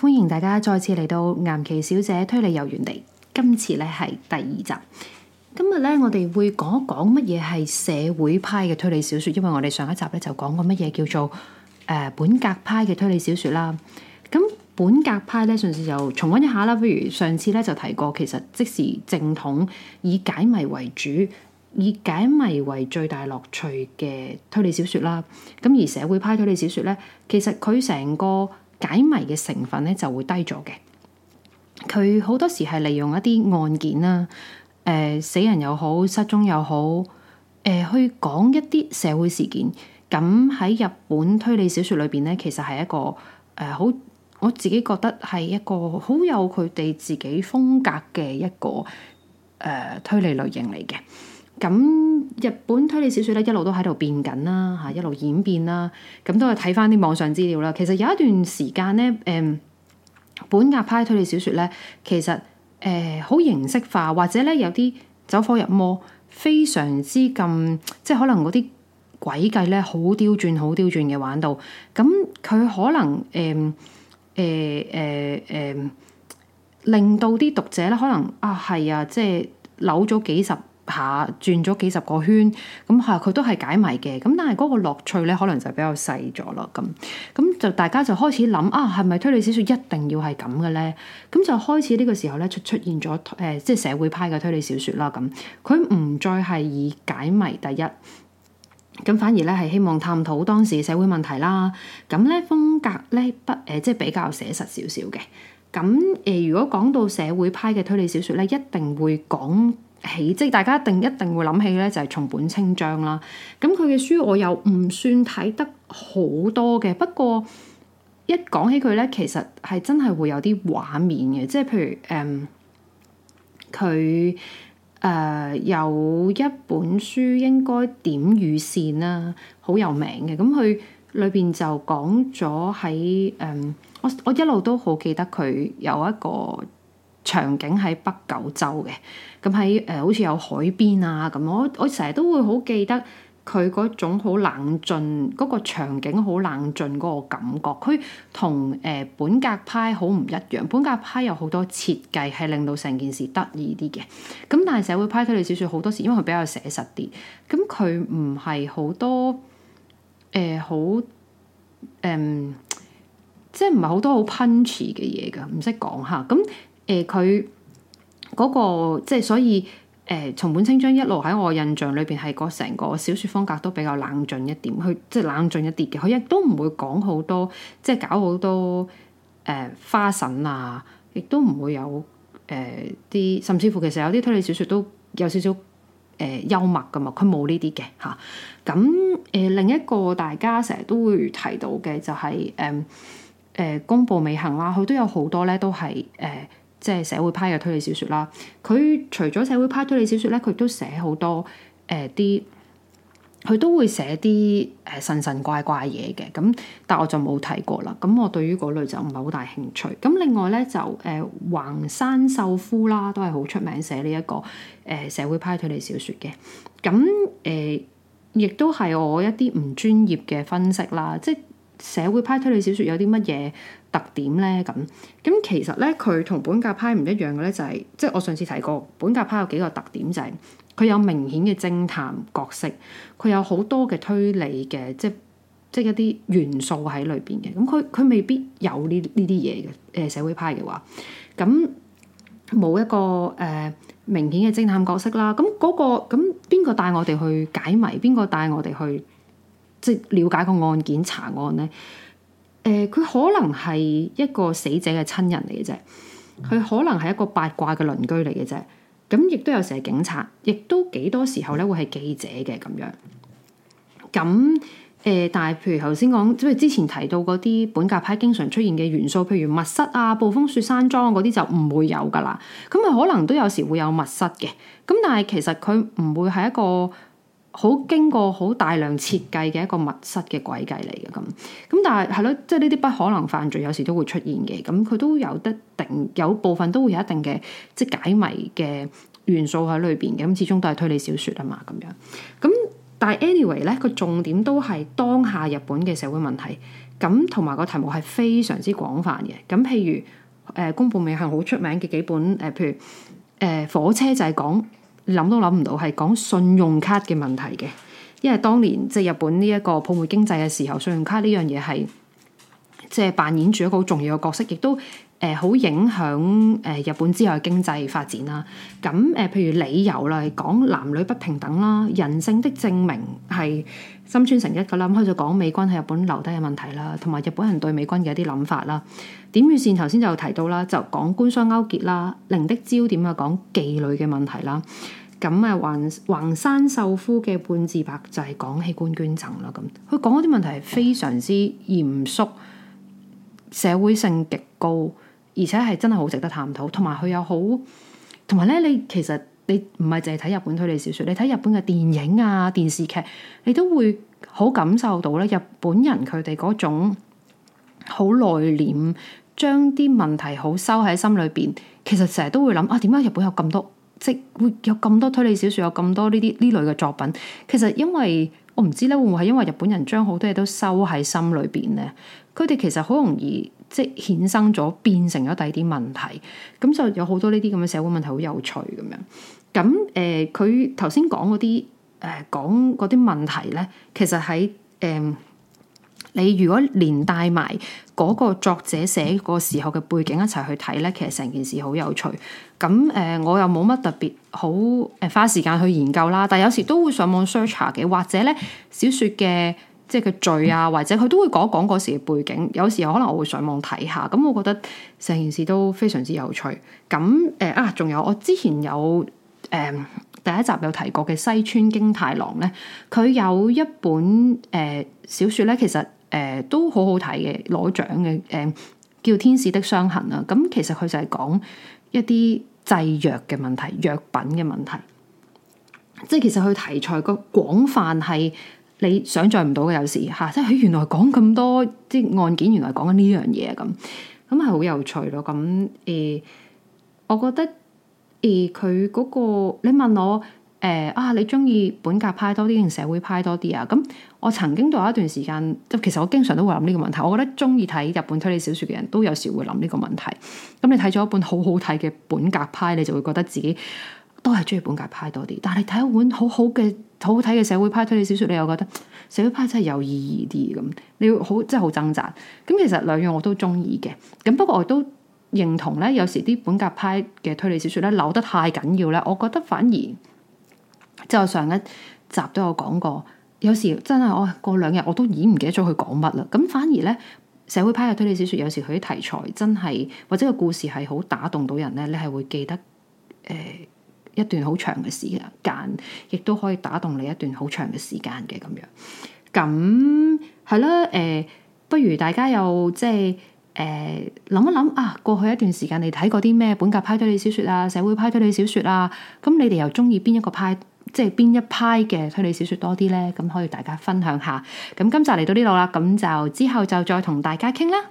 歡迎大家再次嚟到岩崎小姐推理遊園地，今次呢係第二集。今日呢，我哋會講一講乜嘢係社會派嘅推理小說，因為我哋上一集呢就講過乜嘢叫做誒本格派嘅推理小說啦。咁本格派咧，順便又重温一下啦。不如上次咧就提過，其實即係正統以解謎為主，以解謎為最大樂趣嘅推理小説啦。咁而社會派推理小説咧，其實佢成個解謎嘅成分咧就會低咗嘅。佢好多時係利用一啲案件啦，誒、呃、死人又好，失蹤又好，誒、呃、去講一啲社會事件。咁喺日本推理小説裏邊咧，其實係一個誒好。呃我自己覺得係一個好有佢哋自己風格嘅一個誒、呃、推理類型嚟嘅。咁日本推理小説咧一路都喺度變緊啦，嚇一路演變啦。咁都係睇翻啲網上資料啦。其實有一段時間咧，誒、呃、本格派推理小説咧，其實誒好、呃、形式化，或者咧有啲走火入魔，非常之咁即係可能嗰啲詭計咧好刁鑽，好刁鑽嘅玩到。咁佢可能誒。呃誒誒誒，令到啲讀者咧，可能啊係啊，即係扭咗幾十下，轉咗幾十個圈，咁係佢都係解謎嘅，咁但係嗰個樂趣咧，可能就比較細咗啦，咁咁就大家就開始諗啊，係咪推理小説？一定要係咁嘅咧？咁就開始呢個時候咧出出現咗誒、呃，即係社會派嘅推理小説啦，咁佢唔再係以解謎第一。咁反而咧，係希望探討當時社會問題啦。咁咧風格咧不誒、呃，即係比較寫實少少嘅。咁誒、呃，如果講到社會派嘅推理小說咧，一定會講起，即係大家一定一定會諗起咧，就係松本清張啦。咁佢嘅書我又唔算睇得好多嘅，不過一講起佢咧，其實係真係會有啲畫面嘅，即係譬如誒，佢、嗯。誒、uh, 有一本書應該點與線啦、啊，好有名嘅。咁佢裏邊就講咗喺誒，我我一路都好記得佢有一個場景喺北九州嘅。咁喺誒好似有海邊啊咁，我我成日都會好記得。佢嗰種好冷峻，嗰個場景好冷峻嗰個感覺，佢同誒本格派好唔一樣。本格派有好多設計係令到成件事得意啲嘅，咁但係社會派推理小説好多時，因為佢比較寫實啲，咁佢唔係好多誒好誒，即係唔係好多好 punchy 嘅嘢噶，唔識講嚇。咁誒佢嗰個即係所以。誒松本清張一路喺我印象裏邊係個成個小説風格都比較冷峻一點，佢即係冷峻一啲嘅，佢亦都唔會講好多，即係搞好多誒、呃、花臣啊，亦都唔會有誒啲、呃，甚至乎其實有啲推理小説都有少少誒、呃、幽默噶嘛，佢冇呢啲嘅嚇。咁、啊、誒、呃、另一個大家成日都會提到嘅就係誒誒《宮、呃、部、呃、美幸、啊》啦，佢都有好多咧都係誒。呃即係社會派嘅推理小説啦，佢除咗社會派推理小説咧，佢都寫好多誒啲，佢、呃、都會寫啲誒神神怪怪嘢嘅，咁但我就冇睇過啦。咁我對於嗰類就唔係好大興趣。咁另外咧就誒、呃、橫山秀夫啦，都係好出名寫呢一個誒、呃、社會派推理小説嘅。咁誒、呃、亦都係我一啲唔專業嘅分析啦，即係。社會派推理小說有啲乜嘢特點咧？咁咁其實咧，佢同本格派唔一樣嘅咧、就係，就係即係我上次提過，本格派有幾個特點、就係，就係佢有明顯嘅偵探角色，佢有好多嘅推理嘅，即係即係一啲元素喺裏邊嘅。咁佢佢未必有呢呢啲嘢嘅，誒社會派嘅話，咁冇一個誒、呃、明顯嘅偵探角色啦。咁嗰、嗰個咁邊個帶我哋去解謎？邊個帶我哋去？即了解個案件查案咧，誒、呃，佢可能係一個死者嘅親人嚟嘅啫，佢可能係一個八卦嘅鄰居嚟嘅啫，咁亦都有時係警察，亦都幾多時候咧會係記者嘅咁樣。咁、呃、誒，但係譬如頭先講，即係之前提到嗰啲本格派經常出現嘅元素，譬如密室啊、暴風雪山莊嗰啲就唔會有㗎啦。咁啊，可能都有時會有密室嘅，咁但係其實佢唔會係一個。好經過好大量設計嘅一個密室嘅詭計嚟嘅咁，咁但係係咯，即係呢啲不可能犯罪有時都會出現嘅，咁佢都有得定，有部分都會有一定嘅即係解謎嘅元素喺裏邊嘅，咁始終都係推理小說啊嘛，咁樣，咁但係 anyway 咧，個重點都係當下日本嘅社會問題，咁同埋個題目係非常之廣泛嘅，咁譬如誒宮部美幸好出名嘅幾本誒，譬、呃、如誒、呃、火車就係講。諗都諗唔到，係講信用卡嘅問題嘅，因為當年即係日本呢一個泡沫經濟嘅時候，信用卡呢樣嘢係。即係扮演住一個好重要嘅角色，亦都誒好、呃、影響誒、呃、日本之後嘅經濟發展啦。咁誒，譬、呃、如理由啦，講男女不平等啦，人性的證明係森村誠一㗎啦。咁佢就講美軍喺日本留低嘅問題啦，同埋日本人對美軍嘅一啲諗法啦。點與線頭先就提到啦，就講官商勾結啦。零的焦點啊，講妓女嘅問題啦。咁啊，橫、呃、橫山秀夫嘅半自白就係講器官捐贈啦。咁佢講嗰啲問題係非常之嚴肅。社會性極高，而且係真係好值得探討，同埋佢有好，同埋咧，你其實你唔係淨係睇日本推理小説，你睇日本嘅電影啊、電視劇，你都會好感受到咧，日本人佢哋嗰種好內斂，將啲問題好收喺心裏邊。其實成日都會諗啊，點解日本有咁多，即係會有咁多推理小説，有咁多呢啲呢類嘅作品？其實因為我唔知咧，會唔會係因為日本人將好多嘢都收喺心裏邊咧？佢哋其實好容易即係衍生咗，變成咗第二啲問題，咁就有好多呢啲咁嘅社會問題，好有趣咁樣。咁誒，佢頭先講嗰啲誒講嗰啲問題咧，其實喺誒、呃、你如果連帶埋嗰個作者寫嗰個時候嘅背景一齊去睇咧，其實成件事好有趣。咁誒、呃，我又冇乜特別好誒花時間去研究啦，但係有時都會上網 search 嘅，或者咧小説嘅。即係佢罪啊，或者佢都會講一講嗰時嘅背景。嗯、有時候可能我會上網睇下，咁我覺得成件事都非常之有趣。咁誒、呃、啊，仲有我之前有誒、呃、第一集有提過嘅西村京太郎呢，佢有一本誒、呃、小說呢，其實誒、呃、都好好睇嘅，攞獎嘅。誒、呃、叫《天使的傷痕》啊，咁其實佢就係講一啲製藥嘅問題、藥品嘅問題，即係其實佢題材個廣泛係。你想象唔到嘅有時吓，即係佢原來講咁多啲案件，原來講緊呢樣嘢咁，咁係好有趣咯。咁誒、呃，我覺得誒佢嗰個你問我誒、呃、啊，你中意本格派多啲定社會派多啲啊？咁我曾經都有一段時間，即其實我經常都會諗呢個問題。我覺得中意睇日本推理小說嘅人都有時會諗呢個問題。咁你睇咗一本好好睇嘅本格派，你就會覺得自己都係中意本格派多啲。但係睇一本好好嘅。好好睇嘅社會派推理小説，你又覺得社會派真係有意義啲咁，你要好真係好掙扎。咁其實兩樣我都中意嘅，咁不過我都認同咧，有時啲本格派嘅推理小説咧，扭得太緊要咧，我覺得反而即我上一集都有講過，有時真係我過兩日我都已經唔記得咗佢講乜啦。咁反而咧，社會派嘅推理小説，有時佢啲題材真係或者個故事係好打動到人咧，你係會記得誒，呃一段好長嘅時間，亦都可以打動你一段好長嘅時間嘅咁樣，咁係啦。誒、呃，不如大家又即係誒諗一諗啊，過去一段時間你睇過啲咩本格派推理小說啊，社會派推理小說啊，咁你哋又中意邊一個派，即係邊一派嘅推理小說多啲呢？咁可以大家分享下。咁今集嚟到呢度啦，咁就之後就再同大家傾啦。